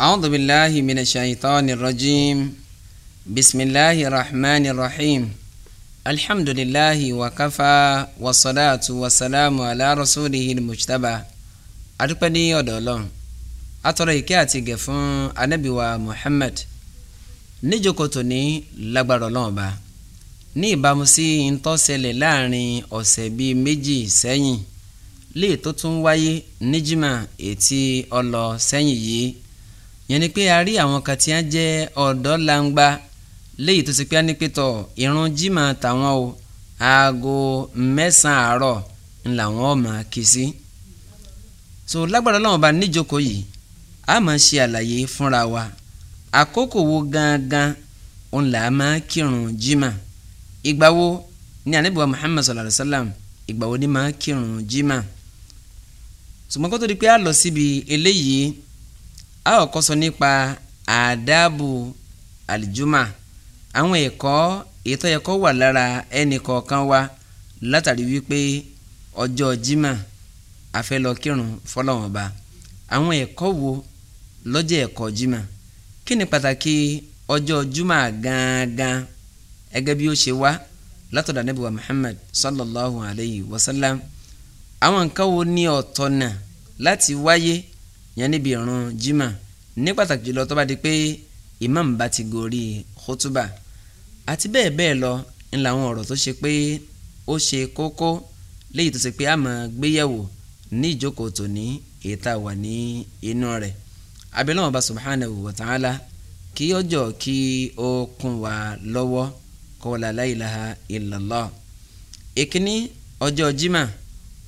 أعوذ بالله من الشيطان الرجيم بسم الله الرحمن الرحيم الحمد لله وكفى والصلاة والسلام على رسوله المجتبى adúpẹ́ ní ọ̀dọ̀ Ọlọ́run atọrọ ìkẹ́ àti ìgẹ̀ fún Ànábì wa Muhammad níjókòó tòní lágbára Ọlọ́run Ọba ní ìbámu sí ntọ́sẹ̀lẹ̀ láàrin ọ̀sẹ̀ bíi méjì sẹ́yìn léè tó tún wáyé níjìmá ètí ọlọ sẹ́yìn yìí yẹn ni pé a rí àwọn kan tí wọ́n jẹ́ ọ̀dọ́ langba léyìí tó ti pé á pé tọ̀ ìrun jimá tàwọn o aago mẹ́sàn-án àárọ̀ ńlá wọn máa kí sí. so lágbára lọ́wọ́ bá níjókòó yìí a máa ṣe àlàyé fúnra wa àkókò wo gangan òun là á máa kírun jimá ìgbà wo ni anábìwá Muhammad sallallahu alayhi wa sallam ìgbà wo ni máa kírun jimá. sùgbọ́n kó tó di pé a lọ síbi eléyìí a ó kọ́ sọ nípa àdábù àlìjúmà àwọn ẹ̀kọ́ ètò ẹ̀kọ́ wà lára ẹnì kọ̀ọ̀kan wa látàrí wípé ọjọ́ jimá a fẹ́ lọ kírun fọlọ́wọ́n ba àwọn ẹ̀kọ́ wo lọ́jọ́ ẹ̀kọ́ jimá kí ni pàtàkì ọjọ́ jumá gangan ẹgẹ́ bí ó ṣe wá látọ̀dọ̀ Ànábì wa Muhammad sallallahu alayhi wa sallam àwọn nǹkan wo ní ọ̀tọ̀ náà láti wáyé yẹn níbi ìrun jimá ní pàtàkì jùlọ tó bá di pé imam bá ti gorí khutuba àti bẹ́ẹ̀ bẹ́ẹ̀ lọ ń làwọn ọ̀rọ̀ tó ṣe pé ó ṣe kókó léyìí tó ṣe pé a máa gbéyẹ̀wò ní ìjókòó tòní èyí tá a wà ní inú rẹ̀ abẹ́lẹ́wọ̀n bá subhanahu wa ta'ala kí ọjọ́ kí ó kún wa lọ́wọ́ kọ́wọ́lá la ilaha illallah èkíní ọjọ́ jimá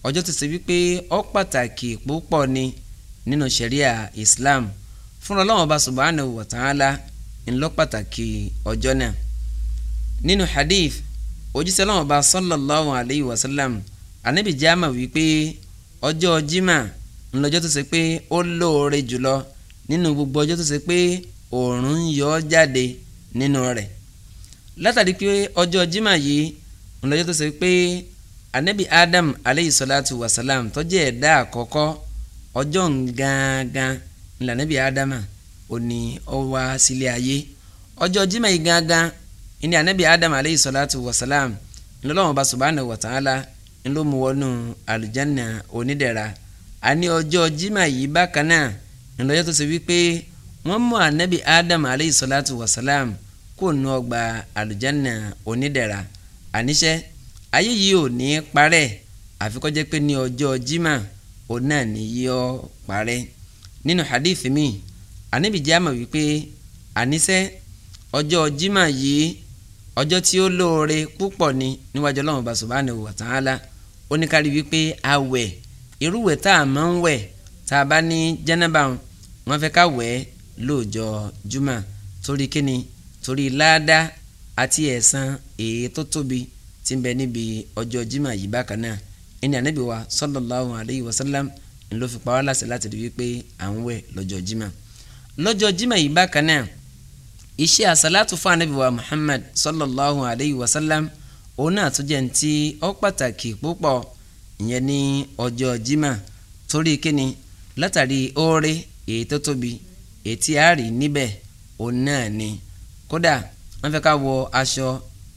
ọjọ́ tó ṣe wípé ó pàtàkì púpọ̀ ni nínú ṣẹ̀ríà Islam fúnra Ọlọ́hun Ọba subhanahu wa ta'ala ńlọ pàtàkì ọjọ́ náà nínú hadith Òjíṣẹ́ Ọlọ́hun Ọba sallallahu alayhi wa sallam anabi jama wípé ọjọ́ jimá ńlọjọ́ tó ṣe pé ó lóore jùlọ nínú gbogbo ọjọ́ tó ṣe pé òòrùn ń yọ jáde nínú rẹ̀ látàrí pé ọjọ́ jimá yìí ńlọjọ́ tó ṣe pé anabi Adam alayhi salatu wa salam tó jẹ́ ẹ̀dá àkọ́kọ́ ọjọ́ gangan ńlànà bíi ádámà òní ọwá sílé ayé ọjọ́ jimá yìí gangan ìní ànábì ádámà aleyhi salatu wa salam ńlọ́wọ́n bá subhanahu wa ta'ala ńlọ́ mu wọnú àlùjáná onídẹ̀ra àní ọjọ́ jimá yìí bákan náà ńlọ́jọ́ tó ṣe wípé wọ́n mú ànábì ádámà aleyhi salatu wa salam kó nu ọgbà àlùjáná onídẹ̀ra àníṣe ayé yìí ò ní parẹ́ àfikọ́jẹ́ pé ní ọjọ́ jimá òun náà ni yóò parẹ́ nínú hadith mi ànábì jẹ́ àmọ̀ wípé àníṣe ọjọ́ jimá yìí ọjọ́ tí ó lóore púpọ̀ ni níwájú ọlọ́run bá subhanahu wa ta'ala ó ní kárí wípé awẹ̀ irúwẹ̀ tá a máa ń wẹ̀ tá a bá ní jẹ́nàbà wọn fẹ́ ká wẹ̀ lóòjọ́ jumá torí kíni torí láàdá àti ẹ̀san èyí tó tóbi tí ń bẹ níbi ọjọ́ jimá yìí bákan náà ẹni ànábì wa sallallahu alayhi wa sallam ló fi pa wá láṣẹ láti rí wípé à ń wẹ̀ lọ́jọ́ jimá lọ́jọ́ jimá yìí bákan náà iṣẹ́ àsálàtù fún ànábì wa Muhammad sallallahu alayhi wa sallam òun náà tún jẹ́ ntí ó pàtàkì púpọ̀ ìyẹn ní ọjọ́ jimá torí kíni látàrí oore èyí tó tóbi èyí tí níbẹ̀ òun náà ni kódà wọ́n fẹ́ ká wọ aṣọ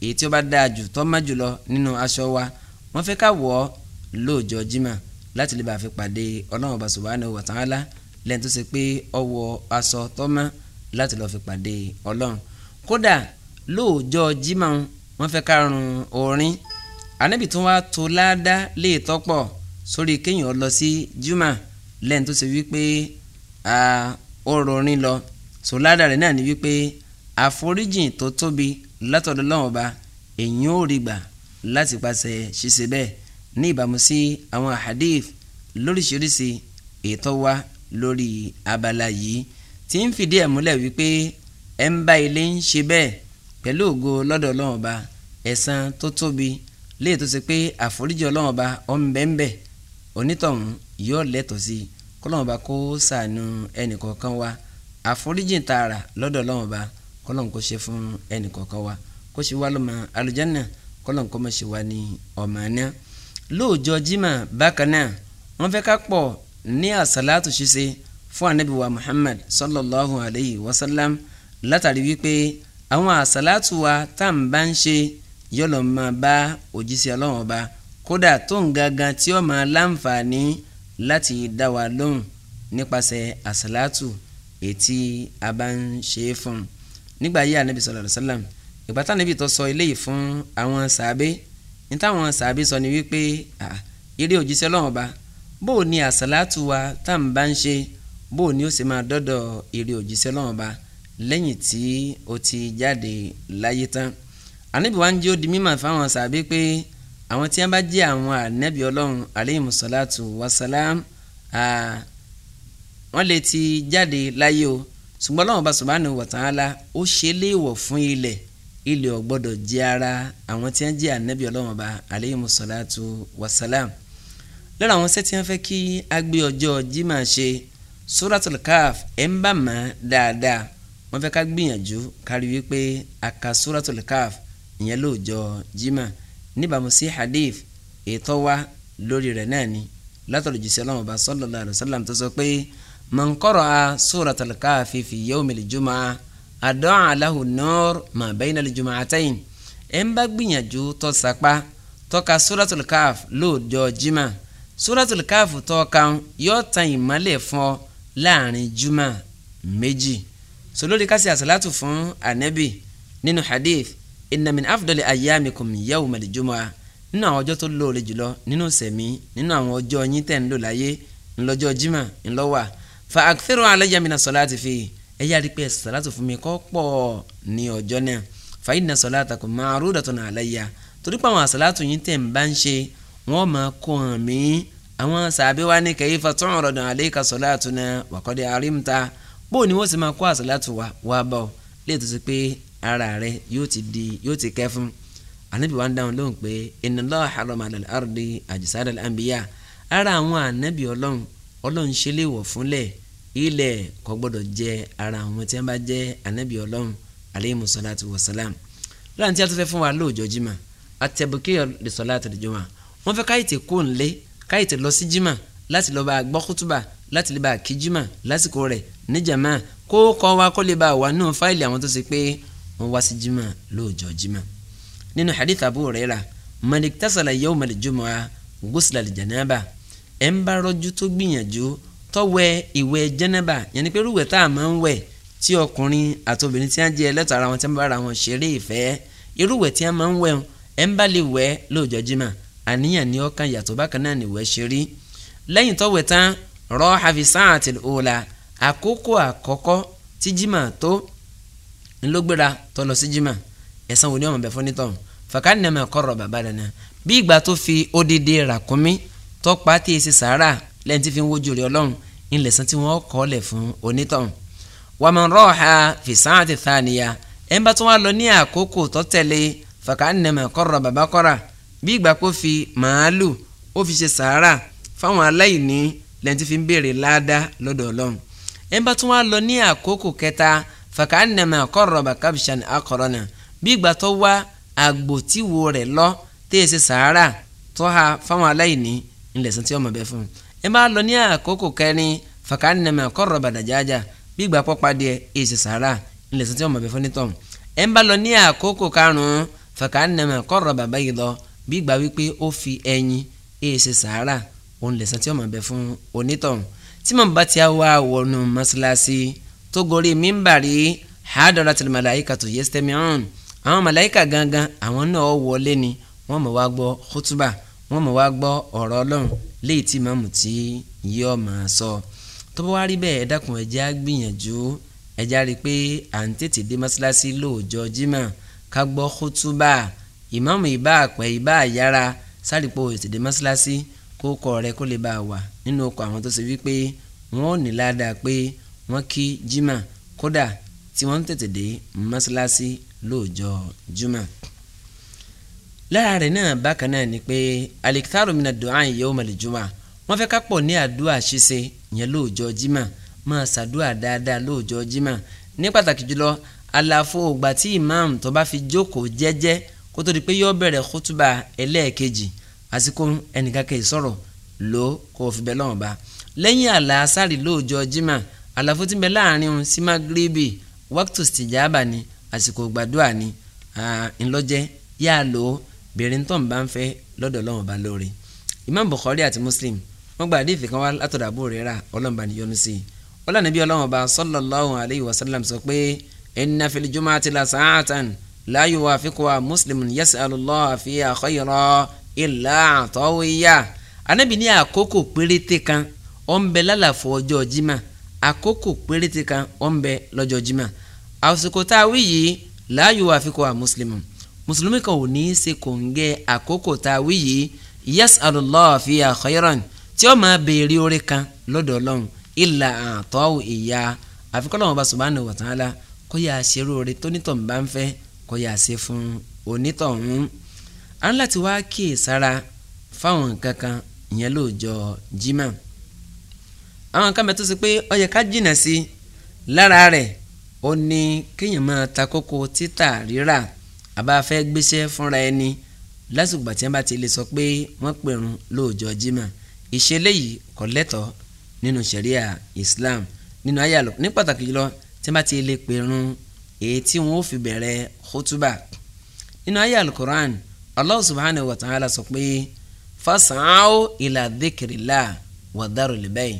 èyí tí ó bá dáa jù tó má jùlọ nínú aṣọ wa wọ́n fẹ́ ká wọ̀ ọ́ lóòjọ́ jimá láti lè bá fi pàdé ọlọ́run ọba subhanahu wa ta'ala lẹ́yìn tó ṣe pé ó wọ aṣọ tó mọ́ láti lọ́ọ́ fi pàdé ọlọ́run kódà lóòjọ́ jimá wọ́n fẹ́ kárùn orin anábì tó wá tó láàdá lè tọ́pọ̀ sórí kéèyàn lọ sí jimá lẹ́yìn tó ṣe wípé ọ̀rọ̀ lọ sọ láàdá rẹ̀ náà ni wípé àforíjìn tó tóbi látọ̀dọ̀ ọlọ́run ọba èyí ò rí gbà láti pàṣẹ ṣíṣe bẹ́ẹ̀ ní ìbámu sí àwọn ahadith lóríṣiríṣi ètò wa lórí abala yìí tí ń fìdí ẹ̀ múlẹ̀ wípé ẹ̀ ń bá ilé ń ṣe bẹ́ẹ̀ pẹ̀lú ògo lọ́dọ̀ ọlọ́run ọba ẹ̀san tó tóbi léè tó ṣe pé àforíjì ọlọ́run ọba ọ̀nbẹ̀ǹbẹ̀ onítọ̀hún yóò lẹ́tọ̀ọ́ sí kọ́lọ́run ọba kó ṣàánú ẹnìkọ̀ọ̀kan wa àforíjì tààrà lọ́dọ̀ ọlọ́run ọba kọ́lọ́run kó ṣe fún ẹnìkọ̀ọ̀kan wa kó ṣe wá lọ́mọ àlùjánnà kọ́lọ́run kó má ṣe wá ní ọmọ lóòjọ́ jimá bákan náà wọ́n fẹ́ ká pọ̀ ní àsàlátù ṣíṣe fún anabi muhammad sallallahu alayhi wa sallam látàrí wípé àwọn àsàlátù wa tá à ń bá ń ṣe yọlọ máa bá òjíṣẹ́ ọlọ́run ọba kódà tó ń gangan tí ó máa láǹfààní láti dá wa lóhùn nípasẹ̀ àsàlátù ètí a bá ń ṣe é fún un nígbà yí anabi sallallahu alayhi wa sallam ìgbà tá anabi tó sọ eléyìí fún àwọn sàábé ní táwọn sàbí sọ ni wípé eré òjíṣẹ́ ọlọ́run ọba bó o ní àsálàtù wa tá à ń bá ń ṣe bó o ní ó sì máa dọ́dọ̀ eré òjíṣẹ́ ọlọ́run ọba lẹ́yìn tí o ti jáde láyé tán ànábì wa ń jẹ́ ó di mímọ̀ fáwọn sàbí pé àwọn tí wọ́n bá jẹ́ àwọn ànábì ọlọ́run aleyhimu salatu wasalam wọ́n lè ti jáde láyé o ṣùgbọ́n ọlọ́run ọba subhanahu wa ó ṣe léèwọ̀ fún ilẹ̀ ilẹ̀ ò gbọ́dọ̀ jẹ́ ara àwọn tí wọ́n jẹ́ ànábì ọlọ́run ọba aleyhi musalatu wasalam lára àwọn sẹ́tí wọn fẹ́ kí agbé ọjọ́ jimá ṣe suratul kaf ẹ̀ ń bà má dáadáa wọ́n fẹ́ ká gbìyànjú kárí wípé aka suratul kaf ìyẹn lóòjọ́ jimá níbàámu sí hadith ètò wa lórí rẹ̀ náà ni látọ̀rọ̀ jùsẹ̀ ọlọ́run ọba sallallahu alaihi wasallam tó sọ pé man qara'a suratul kaf fi yawmil jumu'ah àdán àláhù nọ́ọ̀rù mà bẹ́yìn náà lójúmọ́ àtẹ́yìn ẹ̀ ń bá gbìyànjú tó sapá tọ́ka suratul káf lóòjọ́ jimá suratul káf tọ́ka yóò tan ìmọ́lẹ̀ fún ọ láàrin jumá méjì solórí kásì àsàlátù fún ànábì nínú hadith inna min afdali ayyamikum yawmal jumá nínú àwọn ọjọ́ tó lóore jùlọ nínú sẹ̀mí nínú àwọn ọjọ́ yín tẹ̀ ń lò láyé ńlọ́jọ́ jimá ńlọ́wà fa akthiru alayya mina salati fi ẹ yára pé sàlátù fún mi kọ́ pọ̀ ní ọjọ́ náà fàyín náà sàlátà kò máa rú dàtọ̀ náà aláya torí pé àwọn àsàlátù yín tẹ̀ ń bá ń ṣe wọ́n máa kó hàn mí àwọn sàbí wa ní kẹ́yìn fatọ́ ọ̀rọ̀ dàn àlẹ́ ìka sàlátù náà wàkọ́dé àrímta bó ni wọ́n sì máa kó àsàlátù wa wá bọ̀ lè tó ṣe pé ara rẹ yóò ti di yóò ti kẹ́ fún ànábì wa ń dáhùn lóhùn pé inna Allaha harrama ala al-ardi ajsadal anbiya ara àwọn ànábì ọlọ́run ọlọ́run ṣe léèwọ̀ ilẹ̀ kò gbọ́dọ̀ jẹ ara àwọn tí wọ́n bá jẹ́ anabi ọlọ́run aleyhi musalatu wa salam láti àti fẹ́ fún wa lóòjọ́ jimá àtẹ̀bùkẹ́yọ̀ lè sọ láti lè jọmọ́ wọ́n fẹ́ káyìtì kó ń lé káyìtì lọ sí jimá láti lọ́ọ́ bá gbọ́ kútùbà láti lè bá kí jimá lásìkò rẹ̀ níjàmá kó kọ́ wa kó lè bá wà nínú fáìlì àwọn tó ṣe pé wọ́n wá sí jimá lóòjọ́ jimá nínú hadith Abu Hurairah malik tasala yawmal jumu'a ghusla al ẹ̀ ń bá rọ́jú tó gbìyànjú tọ́wẹ́ ìwẹ̀ jẹ́nẹ́bà yẹn ni pé rúwẹ̀ tá a máa ń wẹ̀ tí ọkùnrin àti obìnrin tí wọ́n jẹ́ ẹlẹ́tọ̀ ara wọn tí wọ́n bá ara wọn ṣeré ìfẹ́ irúwẹ̀ tí wọ́n máa ń wẹ̀ ẹ̀ ń bá lè wẹ̀ lóòjọ́ jimá àníyàn ni ọkàn yàtọ̀ bákan náà ni wẹ̀ ṣe rí lẹ́yìn tọ́wẹ̀ tán rọ́ hafi sáàtì òòlà àkókò àkọ́kọ́ tí jimá tó ńlọgbéra tó lọ sí jimá ẹ̀san wo ni ọmọ bẹ̀ fún nítọ̀hún fàkànnàmẹ́ kọ́rọ̀ bàbá lẹ́yìn tí fi ń wojú rẹ̀ ọlọ́run ńlẹ̀sán tí wọ́n kọ́ lẹ̀ fún onítọ̀hún. wàmọ̀n rọ́ọ̀ha fìsáàtì thaniya ẹ̀ ń bá tún wá lọ ní àkókò tó tẹ̀lé fàkànnẹ̀mẹ̀ kọ́rọ̀ bàbá kọ́ra bí ìgbà kó fi màálù ó fi ṣe sàárà fáwọn aláìní lẹ́yìn tí fi ń béèrè ládàá lọ́dọ̀ ọlọ́run ẹ̀ ń bá tún wá lọ ní àkókò kẹta fàkànnẹ̀mẹ̀ kọ́rọ̀ bàkàbṣàn akọ̀rọ̀nà bí ìgbà ẹ máa lọ ní àkókò kẹrin fàkànnàmì àkọ́rọ̀ bàdàjájà bí ìgbà pọ́pá díẹ̀ èsì sàrà ńlẹ̀ sọ́tí ọmọ abẹ́fọ́ nítọ̀ ẹ ń bá lọ ní àkókò karùn-ún fàkànnàmì àkọ́rọ̀ bàbá yìí lọ bí ìgbà wípé ó fi ẹyin èsì sàrà ńlẹ̀ sọ́tí ọmọ abẹ́fọ́ onítọ̀ tí màmú bá ti wá wọnú mọ́ṣáláṣí tó gorí mímbàrí hadaratil màláyíkà léyìí tí màmú tí yóò máa sọ tó bá wá rí bẹ́ẹ̀ ẹ dákun ẹ jẹ́ á gbìyànjú ẹ jẹ́ á rí i pé à ń tètè dé mọ́ṣáláṣí lóòjọ́ jimá ká gbọ́ kútúbà ìmáàmù ìbá àpẹ́ ìbá àyára sárìpò ètèdè mọ́ṣáláṣí kó kọ rẹ kó lè bá a wà nínú ọkọ̀ àwọn tó ṣe wípé wọ́n ò ní ládàá pé wọ́n kí jimá kódà tí wọ́n ń tètè dé mọ́ṣáláṣí lóòjọ́ jimá lára rẹ̀ náà bákan náà ni pé alikitaro mina du'a yawm al-juma wọ́n fẹ́ ká pọ̀ ní àdúrà ṣíṣe yẹn lóòjọ́ jimá máa ṣàdúrà dáadáa lóòjọ́ jimá ní pàtàkì jùlọ àlàfo ògbà tí imam tó bá fi jókòó jẹ́jẹ́ kó tó di pé yọ bẹ̀rẹ̀ kútùbà ẹlẹ́ẹ̀kejì àsìkò ẹnìkankan ìsọ̀rọ̀ ló kó o fi bẹ́ẹ̀ lọ́wọ́ bá lẹ́yìn àlàásàrì lóòjọ́ jimá àlàfo ti bẹ láàrin òun sí magrebi wákìtò tìjàbà ni àsìkò gbàdúrà ni ńlọ́jẹ́ yá lò bèrè ntọ́ nbà ń fẹ́ lọ́dọ̀ ọlọ́run bá lóore imam bukhari àti muslim wọ́n gba àdéhìí kan wá látọ̀dọ̀ Abu Hurairah ọlọ́run bá níyọnu sí i ọlọ́run níbi ọlọ́run bá sallallahu alayhi wa sallam sọ pé inna fil jumu'ati la sa'atan la yuwafiquha muslimun yas'alu Allah fiha khayran illa atawiya anabi ní àkókò péréte kan ó ń bẹ lálàfo ọjọ́ jimá àkókò péréte kan ó ń bẹ lọ́jọ́ jimá àsìkò tá a wí yìí la yuwafiquha muslimun mùsùlùmí kan ò ní í ṣe kòǹgẹ́ àkókò tá a wí yìí yas'alu Allah fiha khayran tí ó máa béèrè oore kan lọ́dọ̀ ọlọ́run ìlà àtọ́wò ìyá àfikún ọlọ́run ọba subhanahu wa ta'ala kó yà á ṣe irú oore tó nítọ̀ bá ń fẹ́ kó yà á ṣe fún onítọ̀hún. a ń láti wá kíyè sára fáwọn nǹkan kan ìyẹn lóòjọ́ jimá àwọn nǹkan mẹ́tọ́ sí pé ó yẹ ká jìnà sí lára rẹ̀ ó ní kéèyàn máa ta títà rírà àbá fẹ́ gbéṣẹ́ fúnra ẹni lásìkò tí wọ́n bá ti lè sọ pé wọ́n pèrún lóòjọ́ jimá ìṣẹ̀lẹ̀ yìí kò lẹ́tọ̀ọ́ nínú ṣẹ̀ríà Islam nínú ayé àlọ́ ní pàtàkì jùlọ tí wọ́n bá ti lè pèrún èyí tí wọ́n ó fi bẹ̀rẹ̀ khutuba nínú ayé alukoran Allah subhanahu wa ta'ala sọ pé fas'au ila dhikrillah wa darul bay'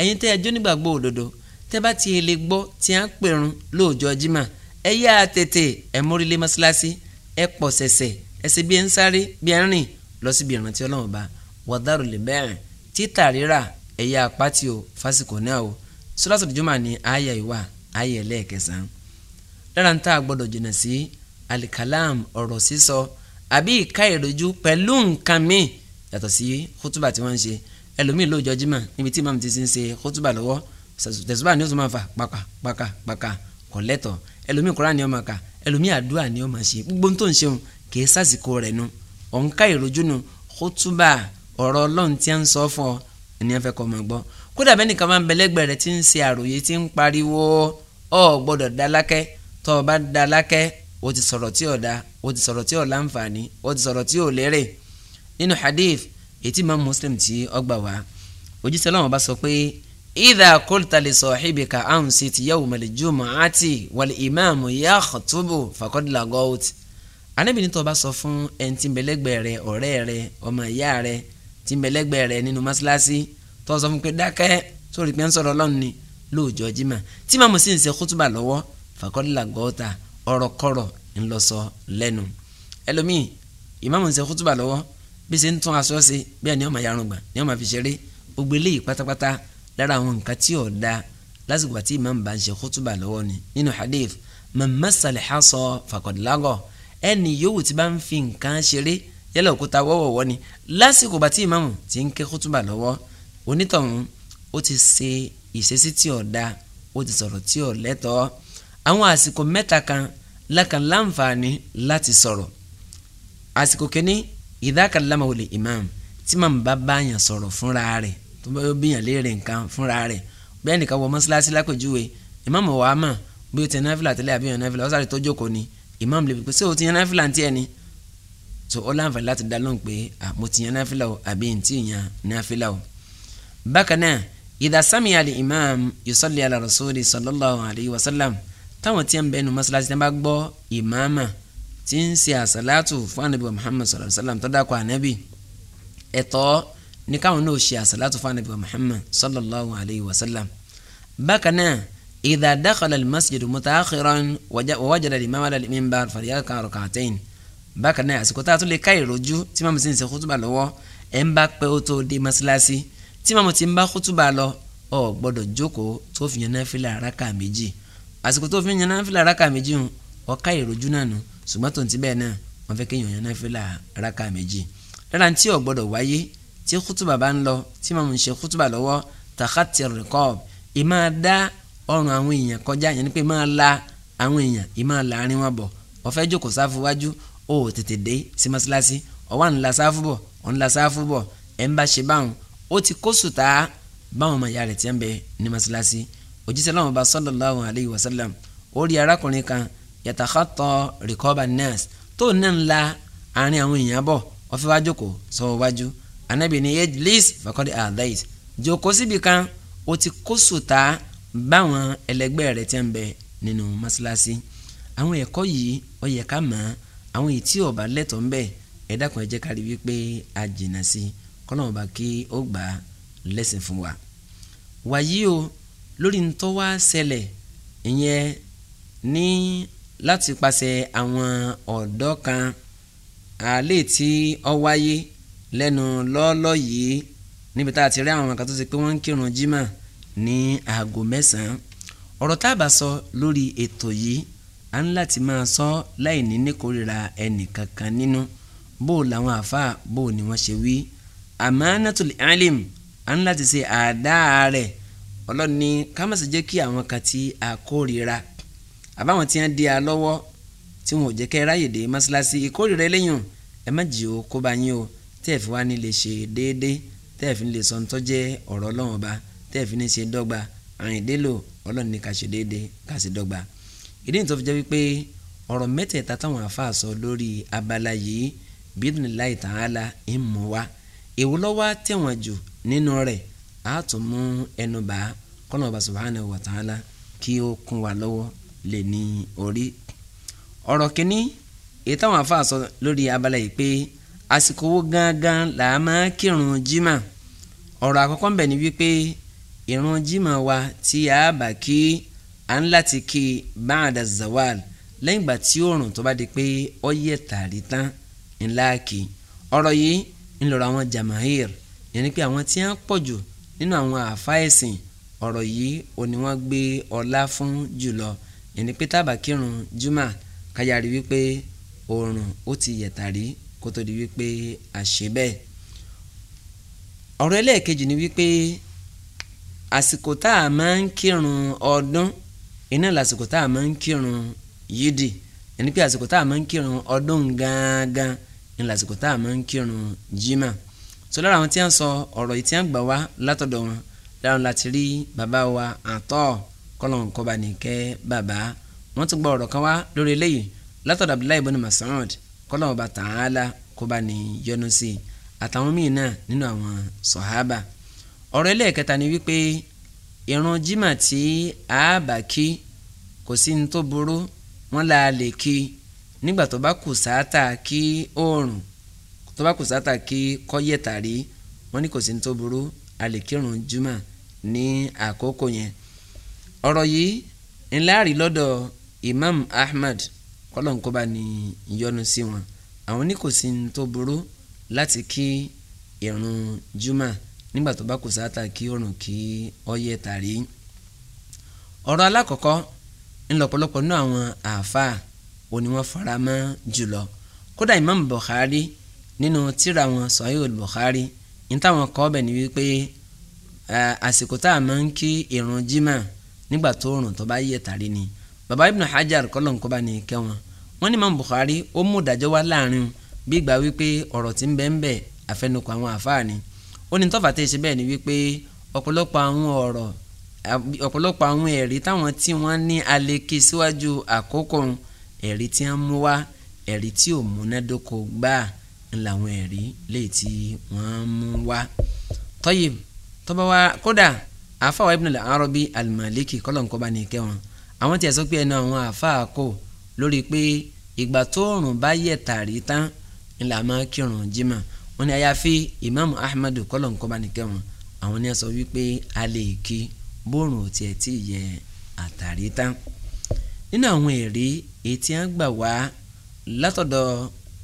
ẹ̀yin tẹ́ ẹ jẹ́ onígbàgbọ́ òdodo tẹ́ bá ti lè gbọ́ tí a pèrún lóòjọ́ jimá ẹ yá tètè ẹ mórílé mọ́ṣáláṣí ẹ pọ̀ sẹ̀sẹ̀ ẹ sì bí ẹ ń sáré bí ẹ ń rìn lọ síbi ìrántí ọlọ́run bá wàdàrú lè bẹ́ẹ̀rẹ̀ títà rírà ẹ yá o fásikò náà o suratul juma ni àyà ìwà àyà ẹlẹ́ẹ̀kẹsàn-án lára ń tá gbọ́dọ̀ jìnnà sí alikalam ọ̀rọ̀ sísọ àbí ìka ìrojú pẹ̀lú nǹkan míì yàtọ̀ sí kútúbà tí wọ́n ń ṣe ẹlòmíì lóòjọ́ jimá níbi tí imam ti ń ṣe kútúbà lọ́wọ́ tẹ̀síbà ni ó tún máa fà pàkà pàkà pàkà kọ̀lẹ́tọ̀ ẹlòmíì kura ni ó máa kà ẹlòmíì àdúrà ni ó máa ṣe gbogbo tó ń ṣeun kì í sásìkò rẹ̀ nu òǹkà ìrojú nu kótúbà ọ̀rọ̀ ọlọ́run tí a ń sọ fún ọ ẹni ẹ fẹ́ kọ́ máa gbọ́ kódà bẹ́ẹ̀ nìkan máa ń bẹ̀lẹ́gbẹ̀ tí ń ṣe àròyé tí ń pariwo ọ gbọ́dọ̀ dálákẹ́ tọ́ ọ bá dálákẹ́ o ti sọ̀rọ̀ tí ò da o ti sọ̀rọ̀ tí ò láǹfààní o ti sọ̀rọ̀ tí ò lérè nínú hadith ètí Imam Muslim tí ó gbà wá òjíṣẹ́ Ọlọ́run bá sọ pé idha qulta li sahibika ansit yawmal jumu'ati wal imamu yakhtubu faqad laghawt Ànábì ní tó bá sọ fún ẹni tí ń bẹ lẹ́gbẹ̀ẹ́ rẹ ọ̀rẹ́ rẹ ọmọ ìyá rẹ tí ń bẹ lẹ́gbẹ̀ẹ́ rẹ nínú mọ́ṣáláṣí tó sọ fún pé dákẹ́ sórí pé ń sọ̀rọ̀ Ọlọ́run ni lóòjọ́ jimá tí màmú sì ń ṣe kútùbà lọ́wọ́ faqad laghawta ọ̀rọ̀kọ̀rọ̀ tún aṣọ ṣe bí ẹni ọmọ yarùngbà ni ọmọ fi ṣeré gbogbo eléyìí pátápátá lára àwọn nǹkan tí ò da lásìkò tí imam bá ń ṣe kútúbà lọ́wọ́ ni nínú hadith mamasal haṣọ fakọdìlágọ ẹni yòówù tí bá ń fi nǹkan ṣeré yálà òkúta wọ́wọ́wọ́ ni lásìkò bá tí ń ké kútúbà lọ́wọ́ onítọ̀hún ó ti ṣe ìṣesí tí ò da ó ti sọ̀rọ̀ tí ò lẹ́tọ̀ọ́ àwọn àsìkò mẹ́ta kan lákan láǹfààní láti sọ̀rọ̀ àsìkò kìíní ìdákàlámà wòlé imam tí màmú bá bá yàn sọ̀rọ̀ fúnra rẹ̀ tó bá bíyàn léèrè nǹkan fúnra rẹ̀ bẹ́ẹ̀ nìkan wọ mọ́ṣáláṣí lápèjúwe ìmáàmù wa mọ̀ bí o ti náfìlà tẹ́lẹ̀ àbí yàn náfìlà ó tó jókòó ni ìmáàmù lè fi pé ṣé o ti yàn náfìlà ntí ẹ ni so ó láǹfààní láti dá lóhùn pé mo ti yàn náfìlà o àbí ntí yàn náfìlà o. bákan náà idha sami'a al-imam yusalli ala rasuli sallallahu alayhi wa sallam táwọn tí ń bẹnu mọ́ṣáláṣí tẹ́ bá gbọ́ ìmáàmà muhammad sallam tó dákọ̀ ànábì ẹ̀tọ́ ní káwọn náà ṣe àsàlátù fún anabi muhammad sallallahu alayhi wa sallam bákan náà idha dakhala al-masjid mutaakhiran wawajada al-imam ala al-minbar falyarka rak'atayn bákan náà àsìkò tá a tún lè ká ìrojú tí màmú sì ń ṣe kútùbà lọ́wọ́ ẹ̀ ń bá pẹ́ ó tó dé mọ́ṣáláṣí tí màmú ti ń bá kútùbà lọ ọ gbọ́dọ̀ jókòó tó fi yan náfìlà rákà méjì àsìkò tó fi yan náfìlà rákà méjì hùn ọ̀ka ìrojú náà nù ṣùgbọ́n tó ń ti bẹ́ẹ̀ náà wọ́n fẹ́ kéèyàn yan náfìlà rákà méjì rárá tí ò gbọ́dọ̀ wáyé tí kútùbà bá ń lọ tí màmú ń ṣe kútùbà lọ́wọ́ takati rikob ì máa dá ọrùn àwọn èèyàn kọjá yẹn ni pé máa la àwọn èèyàn ì máa la àárín wọn bọ̀ ó fẹ́ jókòó sáfù wájú ó tètè dé sí mọ́sálásí ó wá la sáfù bọ̀ ó sáfù bọ̀ ẹ̀ ń bá ṣe báwọn ó ti kó sùtá báwọn ọmọ ìyá rẹ̀ ti ń bẹ ní mọ́sálásí òjíṣẹ́ láwọn ọba sallallahu alayhi wa sallam ó rí arákùnrin kan yatakhatọ rikoba nas tó náà ń la àárín àwọn èèyàn bọ̀ ó fẹ́ wá sọ wájú so anabi ni yejlis fakọ́dé adait jòkó síbi kan ó ti kó sùtá báwọn ẹlẹgbẹ́ rẹ̀ ti ń bẹ nínú mọ́ṣáláṣí àwọn ẹ̀kọ́ yìí ó yẹ ká mọ̀ àwọn èyí tí ọba lẹ́tọ̀ọ́ ń bẹ ẹ dákun ẹ jẹ́ ká rí wípé a jìnnà sí i kọ́nà kí ó gbà á fún wa. wàyí o lórí ntọ́ wá ìyẹn ní láti pàṣẹ àwọn ọ̀dọ́ kan àlè tí ó wáyé lẹ́nu lọ́ọ́lọ́ yìí níbi tá a ti rí àwọn kan tó ti pé wọ́n ń kírun jimá ní aago mẹ́sàn-án ọ̀rọ̀ tá a bá sọ lórí ètò yìí à ń láti máa sọ láì ní níkórira ẹnìkankan nínú bó làwọn àáfàá bó ni wọ́n ṣe wí amanatul alim à ń láti ṣe àdáa rẹ̀ ọlọ́ni ká má ṣe jẹ́ kí àwọn kan ti àkórira àbáwọn tí wọ́n di a lọ́wọ́ tí wọn ò jẹ́ kẹ́ ráyè dé mọ́ṣáláṣí ìkórira eléyìn ẹ má jì ó kó bá yín o tí ẹ fi wá ní lè ṣe déédéé tẹ́ ẹ fi lè sọ ntọ́ jẹ́ ọ̀rọ̀ ọlọ́run ọba tẹ́ ẹ fi ní ṣe dọ́gba àyìndélò ọlọ́run ní ká ṣe déédéé ká ṣe dọ́gba. ìdí nìtọ́ fi jẹ́ wípé ọ̀rọ̀ mẹ́tẹ̀ẹ̀ta táwọn àáfàá sọ lórí abala yìí bídùnláì tààlà ń mú wa èwo lọ́wọ́ tẹ̀wọ̀n jù nínú rẹ̀ á tún mú ẹnu bá kọ́nà ọba subhanahu wa ta'ala kí àsìkò wo gangan là á máa kírun jimá ọ̀rọ̀ àkọ́kọ́ ńbẹ̀ ni wípé ìrun jimá wa tí a bá kí à ń láti kí báàdà zawal lẹ́yìn ìgbà tí oòrùn tó bá di pé ó yẹ̀ tààrí tán ńlá kì ọ̀rọ̀ yìí ńlọrọ̀ àwọn jamahir yẹn ni pé àwọn tí wọ́n pọ̀ jù nínú àwọn àfa ẹ̀sìn ọ̀rọ̀ yìí ò ní wọ́n gbé ọlá fún jùlọ yẹn pé tábà kírun jimá káyàrí wípé oòrùn ó ti yẹ̀ tààrí kó tó di wípé a ṣe bẹ́ẹ̀ ọ̀rọ̀ ẹlẹ́ẹ̀kejì ni wípé àsìkò tá a máa ń kírun ọdún iná làsìkò tá a máa ń kírun yídì ẹni pé àsìkò tá a máa ń kírun ọdún gángan ni làsìkò tá a máa ń kírun jimá so lára àwọn tí wọ́n sọ ọ̀rọ̀ yìí tí wọ́n gbà wá látọ̀dọ̀ wọn lára láti rí bàbá wa àtọ kọlọn kọba nìkẹ bàbá wọ́n tún gbọ́ ọ̀rọ̀ kan wá lórí eléyìí látọ̀dọ̀ Abdullahi ibn Mas'ud kọ́lọ́ ọba tààlà kó bá ní yọ́nú sí i àtàwọn míì náà nínú àwọn sọ̀hábà ọ̀rọ̀ ẹlẹ́ẹ̀kẹta ni wípé ìrun jimá tí a bá kí kò sí ní tó burú wọn là á lè kí nígbà tó bá kù sáátà kí oòrùn tó bá kù sáátà kí kọ́yẹ̀ tàrí wọn ní kò sí ní tó burú a lè kírun jimá ní àkókò yẹn ọ̀rọ̀ yìí ńlá rí lọ́dọ̀ Imam Ahmad kọ́lọ́n kó bá ní ìyọnu sí wọn àwọn ní kò sí tó burú láti kí ìrun juma nígbà tó bá kù sáátà kí òrùn kí ọyẹ tàrí. ọ̀rọ̀ alákọ̀ọ́kọ́ ńlọpọlọpọ nínú àwọn àáfàá òní wọn fara mọ́ jùlọ kódà Imam Bukhari nínú tírà wọn Sahihul Bukhari ní táwọn kọ́ bẹ̀ ni wípé àsìkò tá a máa ń kí ìrun jimá nígbà tó òrùn tó bá yẹ tàrí ni baba Ibn Hajar kọlọ̀nkọba ní kẹwọn wọ́n ní Imam Bukhari ó mú ìdájọ́ wá láàrin bí gbà wípé ọ̀rọ̀ tí ń bẹ ń bẹ àfẹnukò àwọn àfáà ni ó ní tọ́fà tẹ́ ṣe bẹ́ẹ̀ ni wípé ọ̀pọ̀lọpọ̀ àwọn ọ̀rọ̀ ọ̀pọ̀lọpọ̀ àwọn ẹ̀rí táwọn tí wọ́n ní aleke síwájú àkókò ẹ̀rí tí wọ́n mú wá ẹ̀rí tí ò múnádóko gbáà ńlá àwọn ẹ̀rí léyìí tí wọ́n mú wá. tọ́yì tọ́ba wa kódà àáfàá wa Ibn arabi al-Maliki kọ́lọ̀ ńkọ́ bá ní kẹ́ wọn àwọn tí lórí pé ìgbà tó òrùn bá yẹ̀ tààrí tán ńlá máa kírun jimá wọn ni àyàfi imaamu ahmadu kọlọ̀ nkọ́ba nìkẹ́ wọn àwọn ni a sọ wípé a lè kí bóòrùn ò tiẹ̀ tí ì yẹ àtàrí tán nínú àwọn ẹ̀rí ètí á gbà wá látọ̀dọ̀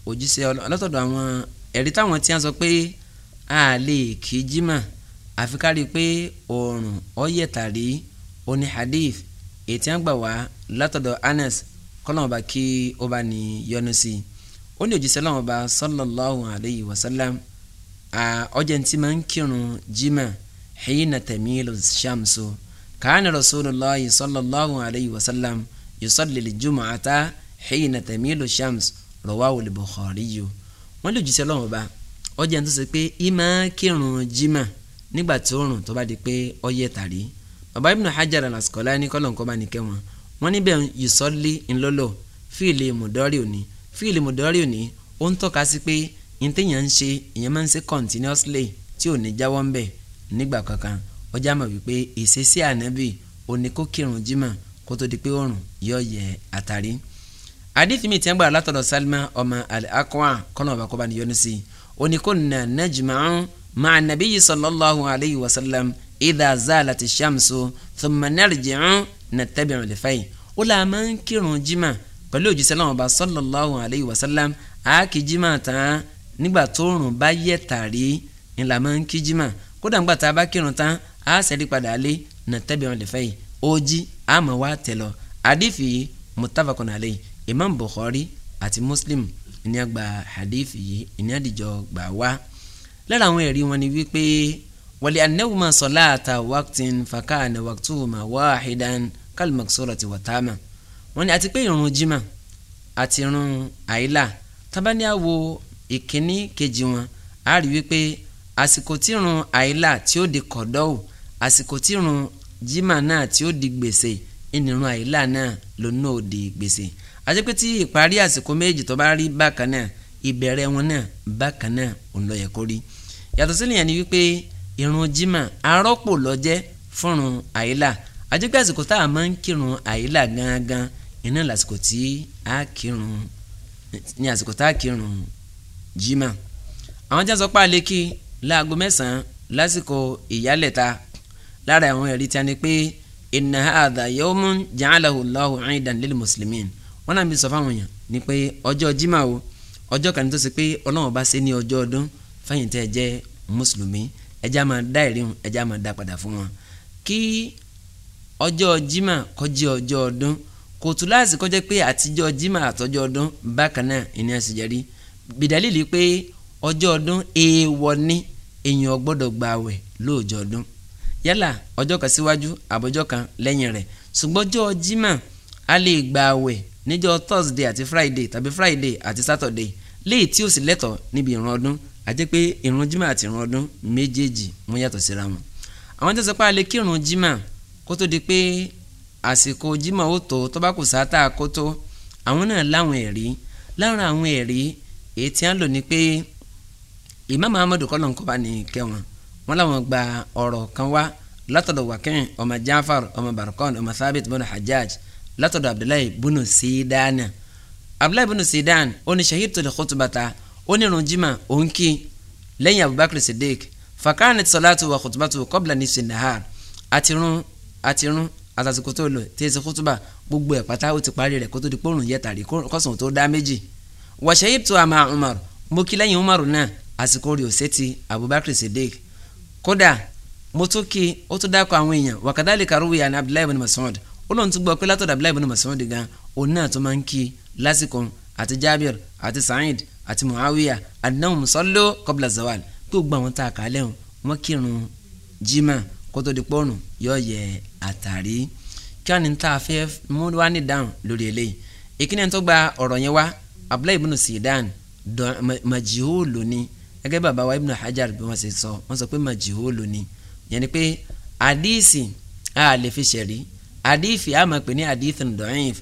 òjíṣẹ́ látọ̀dọ̀ àwọn ẹ̀rí táwọn tí a sọ pé a lè kí jimá àfi ká pé òòrùn ọ̀yẹ̀ tàrí oní hadith ètí á gbà wá látọ̀dọ̀ anas kọ́lọ́mù bá kí ó bá ní yọ́nú sí i ó ní òjíṣẹ́ lọ́wọ́ bá sallallahu alayhi wa sallam ọjà tí máa ń kírun jimá hina tamilu shamsu kaana rasulillahi sallallahu alayhi wa sallam yusalli al-jumu'ata hina tamilu shams rawahu al-bukhari yìí wọ́n ní òjíṣẹ́ lọ́wọ́ bá ọjà tó ṣe pé ìmá kírun jimá nígbà tí oòrùn tó bá di pé ó tàrí bàbá ibn hajar wọ́n níbẹ̀ yìsọ́lé ńlọ́lọ́ fíìlì mùdọ́rì òní fíìlì mùdọ́rì òní ó ń tọ́ka sí pé ìtẹ̀yàn ń ṣe ìyẹn máa ń ṣe continuously tí ò ní jáwọ́ ń bẹ̀ nígbà kankan ọjà mọ̀ wípé ìṣesí ànábì òní kó kírun jimá kó tó di pé òrùn yọ yẹ àtàrí. àdìfí mi ti ń gbà látọ̀dọ̀ Salma ọmọ al kọ́nà ọba kọ́ba níyọ́nù sí òní kò nà najma'u ma'a nabiyyi sallallahu alayhi nattabi'u l-fayl ó là máa ń kírun jimá pẹ̀lú òjíṣẹ́ láwọn ọba sallallahu alayhi wa sallam àákì jimá tán nígbà tó rùn bá yẹ̀ tàrí ni là máa ń kí jimá kódà ńgbà tá a bá kírun tán á sẹ́rí padà lé nattabi'u l-fayl ojì á máa wá tẹ̀ lọ àdìfì muttafaqun alayhi Imam Bukhari àti Muslim ìní àgbà àdìfì yìí ìní àdìjọ gbà wá lára àwọn ẹ̀rí wọn ni wípé wali annahuma salata waqtin fakana waqtuhuma wahidan kálùmọ̀sọ̀rọ̀ ti wà tá a mọ̀ wọ́n ní àti pé ìrun jimá àti ìrun àìlà tábání àwo ìkíní kejì wọn á rí wípé àsìkò tí ìrun àìlà tí ó di kọ̀dọ́wò àsìkò tí ìrun jimá náà tí ó di gbèsè ìnìrun àìlà náà ló ná ò di gbèsè àti pé tí ìparí àsìkò méjì tó bá rí bákan náà ìbẹ̀rẹ̀ wọn náà bákan náà òun ló yẹ kó rí yàtọ̀ sílẹ̀ yẹn ni wípé ìrun jimá arọ́pò ló jẹ́ fúnrun àìlà àjẹgbẹ́ àsìkò tá a máa ń kírun àyílà gangan iná lásìkò tí a kírun ní àsìkò tá a kírun jimá àwọn jẹ́ sọ pé àlékí láago mẹ́sàn-án lásìkò ìyálẹ̀ta lára àwọn ẹ̀rí tí a ní pé inna hadha yawmun ja'alahu Allahu 'idan lil muslimin wọn náà mi sọ fáwọn èèyàn ni pé ọjọ́ jimá o ọjọ́ kan tó ṣe pé ọlọ́run bá ṣe ní ọjọ́ ọdún fẹ́yìntì ẹ mùsùlùmí ẹ máa dá ìrìn ẹ máa dá padà fún wọn kí ọjọ́ jimá kọjá ọjọ́ ọdún kò tún láàsì kọjá pé àtijọ́ jimá àtọjọ́ ọdún bákan náà ìní àṣejẹrí bìdálìlì pé ọjọ́ ọdún èèwọ̀ ni èèyàn gbọ́dọ̀ gba àwẹ̀ lóòjọ́ ọdún yálà ọjọ́ kan síwájú àbọ̀jọ́ kan lẹ́yìn rẹ̀ ṣùgbọ́n ọjọ́ jimá a lè gba àwẹ̀ níjọ́ thursday àti friday tàbí friday àti saturday léyìí tí ó sì lẹ́tọ̀ níbi ìran ọdún àti pé ìran jimá àti ìran ọdún méjèèjì wọ́n yàtọ̀ síra wọn àwọn tó sọ pé kírun jimá kó tó di pé àsìkò jimá ó tó tó bá kù sáátà kó tó àwọn náà láwọn ẹ̀rí lára àwọn ẹ̀rí èyí tí a ń lò ní pé ìmáàmù amadu kọ́ ló ń kọ́ba ní kẹwọn wọn làwọn gba ọ̀rọ̀ kan wá látọ̀dọ̀ wakẹ́yìn ọmọ jafar ọmọ barkan ọmọ thabit bọ́nà hajjaj látọ̀dọ̀ abdullahi bùnú sídánà abdullahi bùnú sídán oní shahidtu li khutbata onírun jimá òǹkì lẹ́yìn abubakar siddiq fakanat salatu wa khutbatu qabla nisfi nahar àtirun àti irun àtàsìkò tó lò tí èsì kútùbà gbogbo ẹ̀ pátá ó ti parí rẹ̀ kó tó di pòrùn yẹ tàrí kọ́sùn tó dá méjì wàṣẹ ibtu àmà Umar mo kí lẹ́yìn Umar náà àsìkò rẹ̀ ò sétí Abubakar Siddiq kódà mo tún kí ó tún dákọ̀ àwọn èèyàn wàkàdálì kàrúwì àná Abdullahi bin Mas'ud ó lóun tún gbọ́ pé látọ̀dọ̀ Abdullahi bin Mas'ud gan òun náà tún máa ń kí lásìkò àti Jabir àti Sa'id àti Muawiya annahum sallu qabla zawal gbogbo àwọn tá a kà á kírun jimá kótó di pọ́ọ̀rùn yóò yẹ àtàrí kí wọ́n ní tá a fẹ́ mú wá ní dáhùn lórí eléyìí ìkíni tó gba ọ̀rọ̀ yẹn wá Abdullahi ibn Sidan majihulu ni gẹ́gẹ́ bàbá wa ibn Hajar bí wọ́n ṣe sọ wọ́n sọ pé majihulu ni yẹn ni pé àdìsì a lè fi ṣẹ̀rí àdìfì a máa pè ní àdìsì dọ̀yìn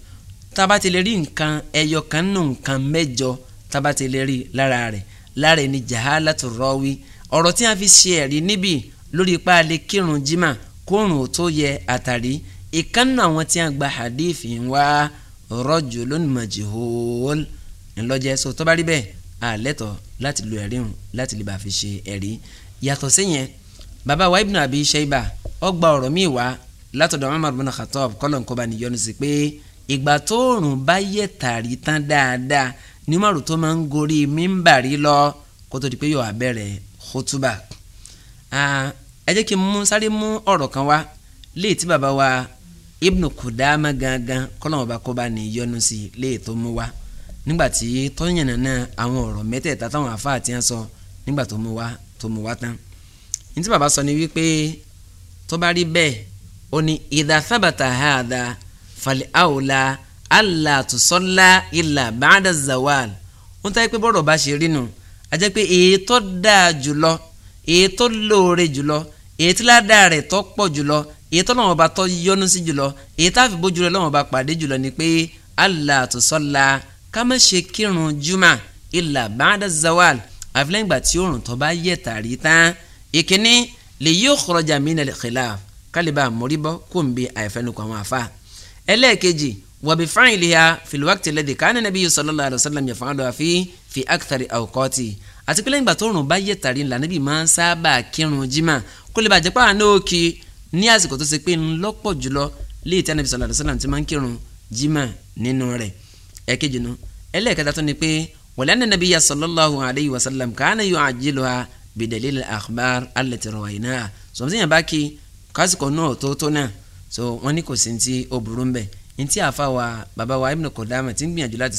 tába ti lè rí nǹkan ẹyọ kan nù nǹkan mẹ́jọ tába ti lè rí lára rẹ̀ lára ẹni jahalatu rawi ọ̀rọ̀ tí a fi ṣe ẹ̀rí níbi lórí ipa lè kírun jimá kóòrùn ò tó yẹ àtàrí ìkànnì àwọn tí a gba hadith ń wá rajulun majhul ńlọjẹ so tó bá rí bẹ́ẹ̀ àlẹ́tọ̀ láti lo ẹ̀rí hùn láti lè bá fi ṣe ẹ̀rí yàtọ̀ síyẹn bàbá wa ibn abi shayba ọgbà ọ̀rọ̀ míì wá látọ̀dọ̀ Umar bin Khattab kọ́lọ̀ nǹkan bá níyọ́nù sí pé ìgbà tóòrùn bá yẹ tàrí tán dáadáa ní tó máa ń gorí mímbàrí lọ kó tó di pé yóò abẹ́rẹ́ khutubah ah, ẹ jẹ́ kí n mú sáré mú ọ̀rọ̀ kan wá léè tí bàbá wa Ibn Kudama gangan kọ́lọ́mù bá kọ́ bá ní yọnu sí i léè tó mú wá nígbà tí tọ́yìnà náà àwọn ọ̀rọ̀ mẹ́tẹ̀ẹ̀ta táwọn àfáà ti ń sọ nígbà tó mú wá tó mú wá tán ní tí bàbá sọ ni wípé tó bá rí bẹ́ẹ̀ ó ní idha thabata hadha fal awla alla tusalla illa ba'da zawal ó ń pé bọ́rọ̀ bá ṣe rí nù á pé èyí tó dáa jùlọ èyí tó lóore jùlọ èyí tí ládàá rẹ̀ tó pọ̀ jùlọ èyí tó lọ́wọ́ bá tó yọ́nú sí jùlọ èyí tá a fi bójú rẹ̀ lọ́wọ́ bá pàdé jùlọ ni pé allah tó sọ́la ká má ṣe kírun juma ilà bàdà zawal àfilẹ́yìn ìgbà tí oòrùn tó bá yẹ̀ tàrí tán ìkíní lè yóò kọ̀rọ̀jà mí nílẹ̀ xìlá kálíbà móríbọ́ kó n bí àìfẹnukọ̀ àwọn àfa ẹlẹ́ẹ̀kejì wàbí fáìlì ya fìlúwàkìtì lẹ́dí káà nínú bí sallallahu alaihi wasallam yaf'aluha fi fi akthari awqati àti pé lẹ́yìn ìgbà tóòrùn bá yẹ̀ tàrí ńlá níbi máa ń sábà kírun jimá kó lè bàjẹ́ pàrọ̀ náà kí ní àsìkò tó ṣe pé ń lọ́pọ̀ jùlọ léè tí anabi sallallahu alaihi wasallam ti máa ń kírun jimá nínú rẹ̀ ẹ̀kejì nu ẹlẹ́ẹ̀kẹta tó ni pé wala anna nabiyya sallallahu alaihi wasallam kana yu'ajjiluha bidalil al-akhbar allati rawainaha sọmọsíyàn bá kí kásìkò náà tó tó so wọn ní kò sí ti ó burú ń bẹ ní tí àfa wa bàbá wa Ibn Qudama ti ń gbìyànjú láti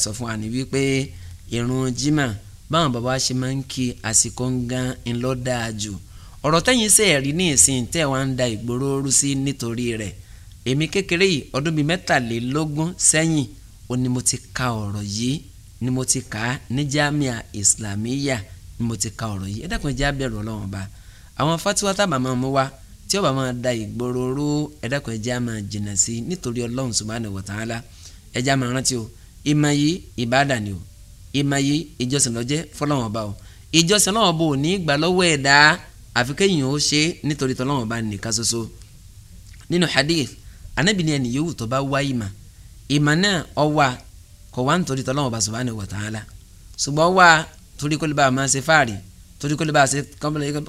báwọn bàbá ṣe máa ń kí àsìkò ń gan ńlọ́dáa jù ọ̀rọ̀ tẹ́yìn ṣe ẹ̀rí ní ìsìn tẹ́ wàá ń da ìgboro ooru sí nítorí rẹ̀ èmi kékeré yìí ọdún bíi mẹ́tàlélógún sẹ́yìn ó ní mo ti ka ọ̀rọ̀ yìí ni mo ti kà á ní jamia islamiyya ni mo ti ka ọ̀rọ̀ yìí ẹ dákun bẹ̀rù Ọlọ́run ba àwọn fatiwa tá màmá mu wa tí ó bá máa da ìgboro ooru ẹ dákun máa jìnnà sí nítorí Ọlọ́run subhanahu wa ta'ala ẹ jẹ́ á máa rántí o ìmọ̀ yìí ìbádà ni o ìmáyé ìjọsìn ló jẹ́ fọlọ́wọ́n ọba o ìjọsìn náà bò ní ìgbà lọ́wọ́ ẹ̀dá àfi kéèyàn ó ṣe nítorí tọ́lọ́wọ́n ọba nìkan ṣoṣo nínú hadith Ànábì ní ẹni yòówù tó bá wá ìmà ìmà náà ó wà kò wá nítorí tọ́lọ́wọ́n ọba subhanahu wa ta'ala ṣùgbọ́n wá torí kó lè bá a máa ṣe fáàrí torí kó lè bá a ṣe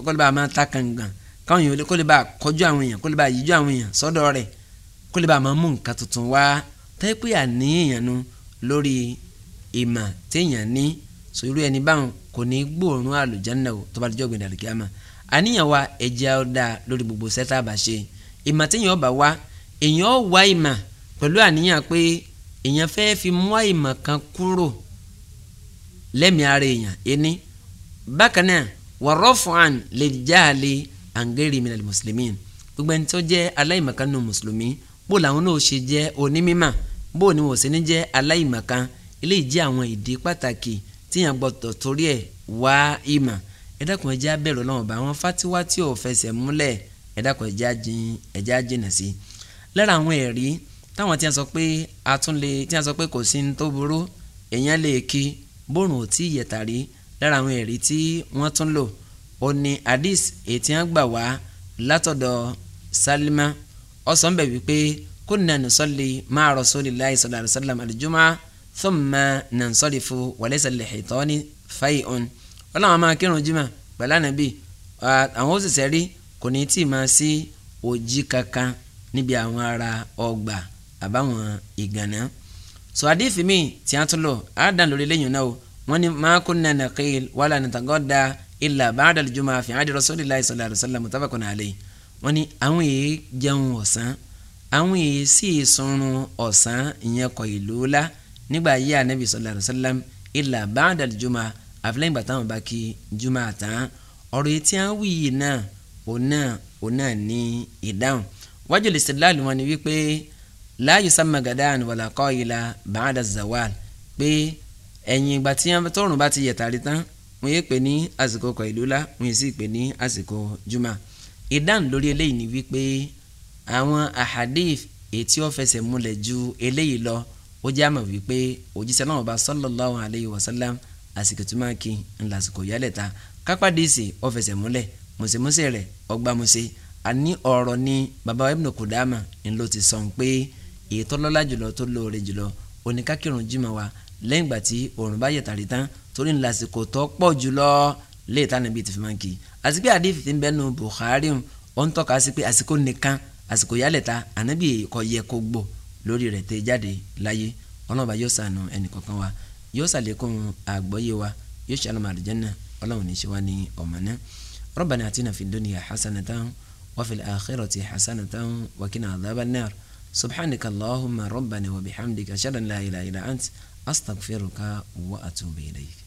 kó lè bá a máa ta kàngàn káwọn kọjú àwọn èèyàn kó yíjú àwọn èèyàn sọ́dọ̀ rẹ̀ kó máa mú nǹkan tuntun wá tẹ́pẹ́ àníyàn nu lórí ìmà téèyàn ní so irú ẹni báwọn kò ní gbóòórùn àlùjáná o tó bá dijọ́ gbẹ̀dẹ̀ àlùkìyàmà àníyàn wa ẹ̀jẹ̀ ọ̀dà lórí gbogbo sẹ́tà bá ṣe ìmà téèyàn ọba wá èèyàn wá ìmà pẹ̀lú àníyàn pé èèyàn fẹ́ fi mú àìmà kan kúrò lẹ́mìí ara èèyàn ẹni bákan náà wọ̀rọ̀ fún àn lè jáàlè àǹgẹ́rì mi nàlẹ́ mùsùlùmí gbogbo ẹni tó jẹ́ aláìmọ̀kan nù mùsùlùmí bó làwọn náà ṣe jẹ́ onímímà bó ni wọ́n sì ní jẹ́ aláìmọ̀kan eléyìí jẹ́ àwọn ìdí pàtàkì tíyàn gbọ́dọ̀ torí ẹ̀ wá ìmọ̀ ẹ dákun ẹ jẹ́ abẹ́rẹ́ ọlọ́run bá wọn fátíwá tí ò fẹsẹ̀ múlẹ̀ ẹ dákun ẹ jẹ́ àjìnà sí i lára àwọn ẹ̀rí táwọn tí a sọ pé a tún lè tí a sọ pé kò sí ní tó burú èèyàn lè kí bóòrùn ò tí ì yẹ̀tà lára àwọn ẹ̀rí tí wọ́n tún lò ó ní hadith ètí wọn gbà wá látọ̀dọ̀ Salima ó bẹ̀ wípé kunna nusalli ma'a Rasulillahi sallallahu alaihi wasallam al-jumu'ah ثم ننصرف وليس lil-shaytani ولا wọn làwọn máa kírun jimá pẹ̀lú ànábì àwọn òṣìṣẹ́ rí kò ní tí ì sí òjì kankan níbi àwọn ará ọgbà àbáwọn ìgànná so àdìfí mi tí a tún lò àádán lórí lẹ́yìn náà o wọ́n ní ma kunna naqil wala natagadda illa ba'da al-jumu'a fi 'ahdi rasulillahi sallallahu alaihi wasallam muttafaqun alayhi wọ́n ní àwọn èyí jẹun ọ̀sán àwọn èyí sì sunrun ọ̀sán ìyẹn kọ̀ ìlú la nígbà ayé anabi sallallahu alayhi sallam ilà báńdà juma àfilẹ́yìn bàtà wọn bá kí juma tán ọ̀rọ̀ etí à ń wí yìí náà òun náà òun náà ní ìdáhùn wájú lè ṣe láàlú wọn ni wípé láàyè sàmàgàdá ànúwàlà kọ́ ìlà báńdà zawal pé ẹ̀yìn ìgbà tí tọ́run bá ti yẹ̀ tàrí tán wọ́n yé pè ní àsìkò kọ̀ìlúlá wọ́n yé sì pè ní àsìkò juma ìdáhùn lórí eléyìí ni wípé àwọn ahadif ètí ó fẹsẹ̀ múlẹ̀ ju eléyìí lọ ó jẹ́ àmọ̀ wípé òjíṣẹ́ náà bá sallallahu alayhi wa sallam àsìkò tó máa kí ńlá àsìkò yálẹ̀ ta kápádé ìsè ọ̀fẹsẹ̀ múlẹ̀ mùsèmùsè rẹ̀ ọgbàmùsè àní ọ̀rọ̀ ni baba Ibn Kudama ńlọ ti sọ pé èyí tó lọ́lá jùlọ tó lóore jùlọ oníkákìrún jimá wa lẹ́yìn ìgbà tí òòrùn bá yẹ̀ tàrí tán torí ńlá àsìkò tó pọ̀ jùlọ lẹ́yìn tánà ti fi máa ń kí àti pé àdìf ń bẹnu Bukhari ó ń tọ́ka sí pé àsìkò nìkan àsìkò yálẹ̀ ta ànábì kò yẹ kó gbò lórí rẹ̀ tẹ́ jáde láyé ọlọ́run bá yóò sànù ẹnì kọ̀ọ̀kan wa yóò sàlékún àgbọ́yé wa yóò ṣàlùmọ̀ àlùjánnà ọlọ́run ní í ṣe wá ní ọmọ náà rabbana atina fid dunya hasanatan wa fil akhirati hasanatan wa qina adhaban nar subhanaka allahumma rabbana wa bihamdika ashhadu an la ilaha astaghfiruka wa atubu ilayk